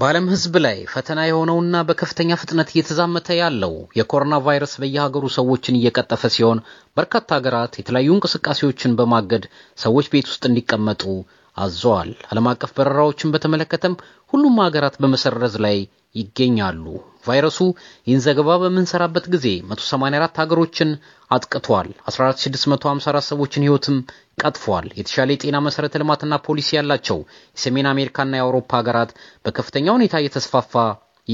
በዓለም ሕዝብ ላይ ፈተና የሆነውና በከፍተኛ ፍጥነት እየተዛመተ ያለው የኮሮና ቫይረስ በየሀገሩ ሰዎችን እየቀጠፈ ሲሆን በርካታ ሀገራት የተለያዩ እንቅስቃሴዎችን በማገድ ሰዎች ቤት ውስጥ እንዲቀመጡ አዟል። ዓለም አቀፍ በረራዎችን በተመለከተም ሁሉም ሀገራት በመሰረዝ ላይ ይገኛሉ። ቫይረሱ ይህን ዘገባ በምንሰራበት ጊዜ 184 ሀገሮችን አጥቅቷል። 14654 ሰዎችን ህይወትም ቀጥፏል። የተሻለ የጤና መሰረተ ልማትና ፖሊሲ ያላቸው የሰሜን አሜሪካና የአውሮፓ ሀገራት በከፍተኛ ሁኔታ እየተስፋፋ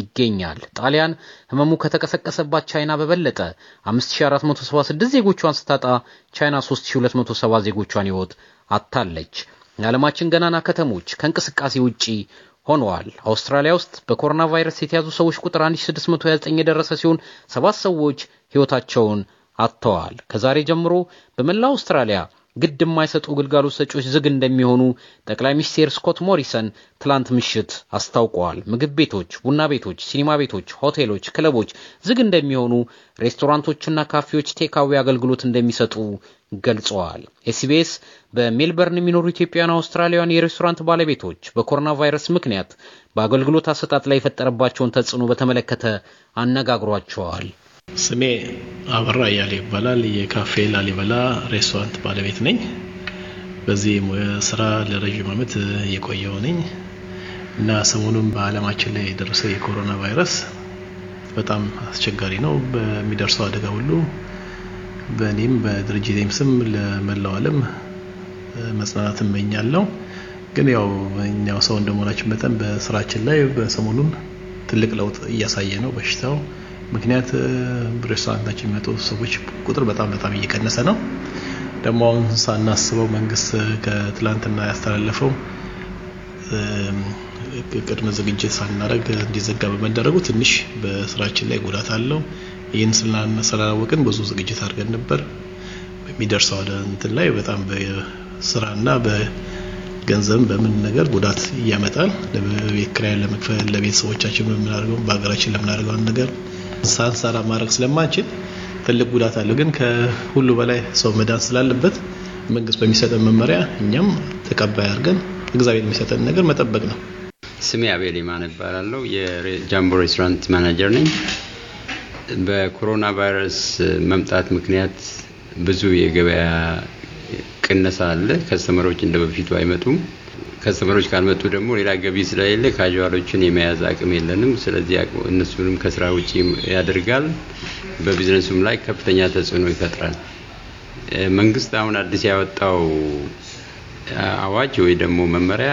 ይገኛል። ጣሊያን ህመሙ ከተቀሰቀሰባት ቻይና በበለጠ 5476 ዜጎቿን ስታጣ ቻይና 3270 ዜጎቿን ሕይወት አታለች። የዓለማችን ገናና ከተሞች ከእንቅስቃሴ ውጪ ሆነዋል። አውስትራሊያ ውስጥ በኮሮና ቫይረስ የተያዙ ሰዎች ቁጥር 1629 የደረሰ ሲሆን ሰባት ሰዎች ሕይወታቸውን አጥተዋል። ከዛሬ ጀምሮ በመላ አውስትራሊያ ግድ የማይሰጡ ግልጋሎት ሰጪዎች ዝግ እንደሚሆኑ ጠቅላይ ሚኒስትር ስኮት ሞሪሰን ትላንት ምሽት አስታውቀዋል። ምግብ ቤቶች፣ ቡና ቤቶች፣ ሲኒማ ቤቶች፣ ሆቴሎች፣ ክለቦች ዝግ እንደሚሆኑ፣ ሬስቶራንቶችና ካፌዎች ቴካዊ አገልግሎት እንደሚሰጡ ገልጸዋል። ኤስቢኤስ በሜልበርን የሚኖሩ ኢትዮጵያና አውስትራሊያውያን የሬስቶራንት ባለቤቶች በኮሮና ቫይረስ ምክንያት በአገልግሎት አሰጣጥ ላይ የፈጠረባቸውን ተጽዕኖ በተመለከተ አነጋግሯቸዋል። ስሜ አበራ እያለ ይባላል። የካፌ ላሊበላ ሬስቶራንት ባለቤት ነኝ። በዚህ ስራ ለረዥም ዓመት የቆየው ነኝ እና ሰሞኑን በዓለማችን ላይ የደረሰ የኮሮና ቫይረስ በጣም አስቸጋሪ ነው። በሚደርሰው አደጋ ሁሉ በእኔም በድርጅቴም ስም ለመላው ዓለም መጽናናት እመኛለሁ። ግን ያው እኛው ሰው እንደመሆናችን መጠን በስራችን ላይ በሰሞኑን ትልቅ ለውጥ እያሳየ ነው በሽታው ምክንያት ሬስቶራንታችን የሚመጡ ሰዎች ቁጥር በጣም በጣም እየቀነሰ ነው። ደግሞ አሁን ሳናስበው መንግስት ከትላንትና ያስተላለፈው ቅድመ ዝግጅት ሳናደርግ እንዲዘጋ በመደረጉ ትንሽ በስራችን ላይ ጉዳት አለው። ይህን ስላላወቅን ብዙ ዝግጅት አድርገን ነበር። በሚደርሰው እንትን ላይ በጣም በስራና በገንዘብ በምን ነገር ጉዳት እያመጣል። ለቤት ክራይ ለመክፈል ለቤተሰቦቻችን በምናደርገው በሀገራችን ለምናደርገው ነገር ሳንሰራ ማድረግ ስለማንችል ትልቅ ጉዳት አለው። ግን ከሁሉ በላይ ሰው መዳን ስላለበት መንግስት በሚሰጠን መመሪያ እኛም ተቀባይ አድርገን እግዚአብሔር የሚሰጠን ነገር መጠበቅ ነው። ስሜ አቤል ይማን እባላለሁ። የጃምቦ ሬስቶራንት ማናጀር ነኝ። በኮሮና ቫይረስ መምጣት ምክንያት ብዙ የገበያ ቅነሳ አለ። ከስተመሮች እንደ በፊቱ አይመጡም። ከስተመሮች ካልመጡ ደግሞ ሌላ ገቢ ስለሌለ ካዥዋሎችን የመያዝ አቅም የለንም። ስለዚህ እነሱንም ከስራ ውጭ ያደርጋል። በቢዝነሱም ላይ ከፍተኛ ተጽዕኖ ይፈጥራል። መንግስት አሁን አዲስ ያወጣው አዋጅ ወይ ደግሞ መመሪያ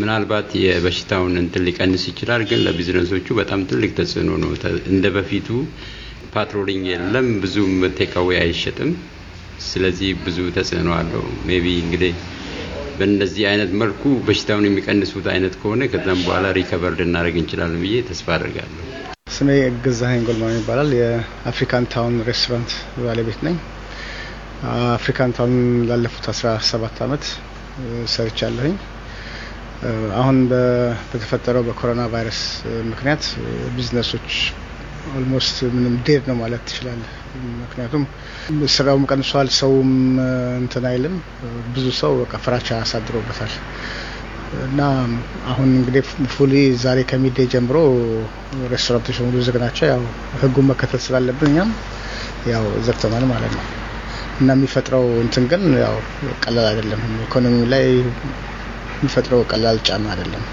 ምናልባት የበሽታውን እንትን ሊቀንስ ይችላል፣ ግን ለቢዝነሶቹ በጣም ትልቅ ተጽዕኖ ነው። እንደ በፊቱ ፓትሮሊንግ የለም፣ ብዙም ቴካዌ አይሸጥም። ስለዚህ ብዙ ተጽዕኖ አለው። ሜቢ እንግዲህ በእነዚህ አይነት መልኩ በሽታውን የሚቀንሱት አይነት ከሆነ ከዛም በኋላ ሪከቨር ልናደርግ እንችላለን ብዬ ተስፋ አደርጋለሁ። ስሜ ገዛኸኝ ጎልማን ይባላል። የአፍሪካን ታውን ሬስቶራንት ባለቤት ነኝ። አፍሪካን ታውን ላለፉት 17 ዓመት ሰርቻለሁኝ። አሁን በተፈጠረው በኮሮና ቫይረስ ምክንያት ቢዝነሶች ኦልሞስት ምንም ዴድ ነው ማለት ትችላለህ ምክንያቱም ስራውም ቀንሷል፣ ሰውም እንትን አይልም። ብዙ ሰው በቃ ፍራቻ አሳድሮበታል እና አሁን እንግዲህ ፉሊ ዛሬ ከሚዴ ጀምሮ ሬስቶራንቶች በሙሉ ዝግ ናቸው። ያው ህጉን መከተል ስላለብን እኛም ያው ዘግተናል ማለት ነው እና የሚፈጥረው እንትን ግን ያው ቀላል አይደለም። ኢኮኖሚ ላይ የሚፈጥረው ቀላል ጫና አይደለም።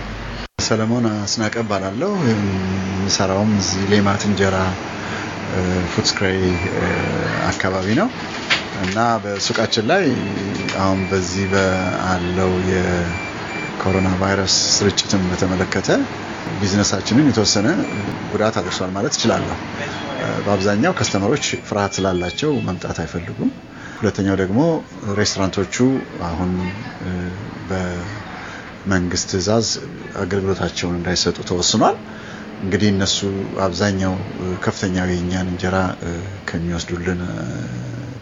ሰለሞን አስናቀ እባላለሁ። የምሰራውም እዚህ ሌማት እንጀራ ፉትስክራይ አካባቢ ነው እና በሱቃችን ላይ አሁን በዚህ በአለው የኮሮና ቫይረስ ስርጭትን በተመለከተ ቢዝነሳችንን የተወሰነ ጉዳት አድርሷል ማለት እችላለሁ። በአብዛኛው ከስተመሮች ፍርሃት ስላላቸው መምጣት አይፈልጉም። ሁለተኛው ደግሞ ሬስቶራንቶቹ አሁን በመንግስት ትዕዛዝ አገልግሎታቸውን እንዳይሰጡ ተወስኗል። እንግዲህ እነሱ አብዛኛው ከፍተኛው የእኛን እንጀራ ከሚወስዱልን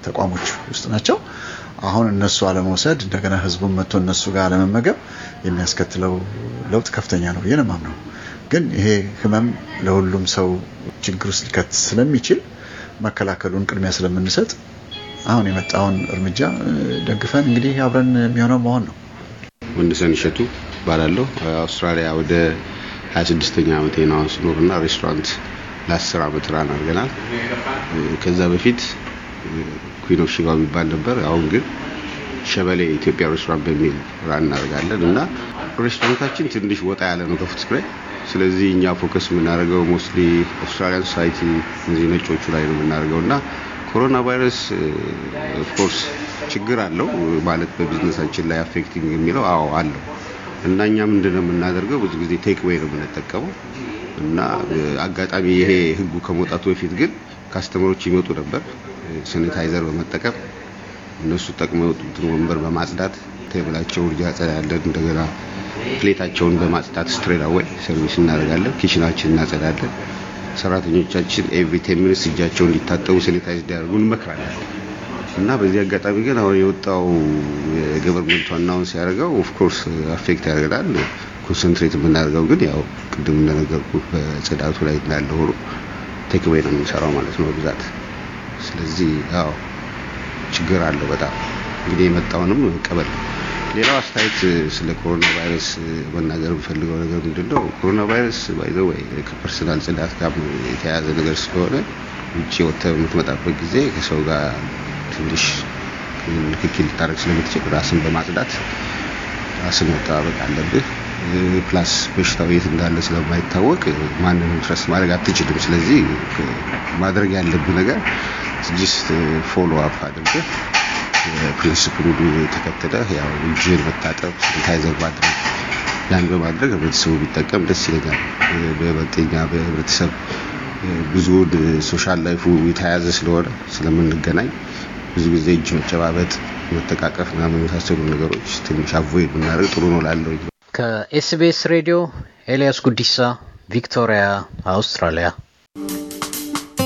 ተቋሞች ውስጥ ናቸው። አሁን እነሱ አለመውሰድ እንደገና ህዝቡን መጥቶ እነሱ ጋር አለመመገብ የሚያስከትለው ለውጥ ከፍተኛ ነው ብዬ ነው የማምነው። ግን ይሄ ህመም ለሁሉም ሰው ችግር ውስጥ ሊከት ስለሚችል መከላከሉን ቅድሚያ ስለምንሰጥ አሁን የመጣውን እርምጃ ደግፈን እንግዲህ አብረን የሚሆነው መሆን ነው። ወንድሰን እሸቱ እባላለሁ። አውስትራሊያ ወደ ሀያ ስድስተኛ ዓመት አሁን ስኖርና ሬስቶራንት ለአስር ዓመት ራን አድርገናል። ከዛ በፊት ኩዊን ኦፍ ሽጋው የሚባል ነበር። አሁን ግን ሸበሌ ኢትዮጵያ ሬስቶራንት በሚል ራን እናደርጋለን እና ሬስቶራንታችን ትንሽ ወጣ ያለ ነው ከፉት ስክሬ። ስለዚህ እኛ ፎከስ የምናደርገው ሞስትሊ ኦስትራሊያን ሶሳይቲ እነዚህ ነጮቹ ላይ ነው የምናደርገው እና ኮሮና ቫይረስ ኦፍኮርስ ችግር አለው ማለት በቢዝነሳችን ላይ አፌክቲንግ የሚለው አዎ አለው እና እኛ ምንድን ነው የምናደርገው? ብዙ ጊዜ ቴክ ዌይ ነው የምንጠቀመው። እና አጋጣሚ ይሄ ህጉ ከመውጣቱ በፊት ግን ካስተመሮች ይመጡ ነበር። ሰኒታይዘር በመጠቀም እነሱ ጠቅመው ወንበር በማጽዳት ቴብላቸውን እያጸዳለን። እንደገና ፕሌታቸውን በማጽዳት ስትሬት አወይ ሰርቪስ እናደርጋለን። ኪችናችን እናጸዳለን። ሰራተኞቻችን ኤቭሪ ቴን ሚኒትስ እጃቸውን እንዲታጠቡ ሳኒታይዝ እንዲያደርጉ እንመክራለን። እና በዚህ አጋጣሚ ግን አሁን የወጣው የገቨርንመንቱ ዋናውን ሲያደርገው ኦፍኮርስ አፌክት ያደርጋል። ኮንሰንትሬት የምናደርገው ግን ያው ቅድም እንደነገርኩ በጽዳቱ ላይ እንዳለ ሆኖ ቴክቤ ነው የምንሰራው ማለት ነው በብዛት። ስለዚህ ያው ችግር አለው በጣም እንግዲህ የመጣውንም ቀበል። ሌላው አስተያየት ስለ ኮሮና ቫይረስ መናገር የምፈልገው ነገር ምንድን ነው፣ ኮሮና ቫይረስ ባይዘ ወይ ከፐርሰናል ጽዳት ጋር የተያያዘ ነገር ስለሆነ ውጭ ወጥተህ የምትመጣበት ጊዜ ከሰው ጋር ትንሽ ንክኪ ልታደረግ ስለምትችል ራስን በማጽዳት ራስን መጠባበቅ አለብህ። ፕላስ በሽታው የት እንዳለ ስለማይታወቅ ማንንም ትረስ ማድረግ አትችልም። ስለዚህ ማድረግ ያለብህ ነገር ጅስት ፎሎ አፕ አድርገህ ፕሪንስፕሉን ተከተለ ያው እጅን መታጠብ፣ ሳኒታይዘር ማድረግ ያን በማድረግ ህብረተሰቡ ቢጠቀም ደስ ይለኛል። በበጤኛ በህብረተሰብ ብዙውን ሶሻል ላይፉ የተያያዘ ስለሆነ ስለምንገናኝ ብዙ ጊዜ እጅ መጨባበጥ፣ መጠቃቀፍ ምናምን የመሳሰሉ ነገሮች ትንሽ አቮይድ ብናደርግ ጥሩ ነው ላለው ከኤስቢኤስ ሬዲዮ ኤልያስ ጉዲሳ ቪክቶሪያ፣ አውስትራሊያ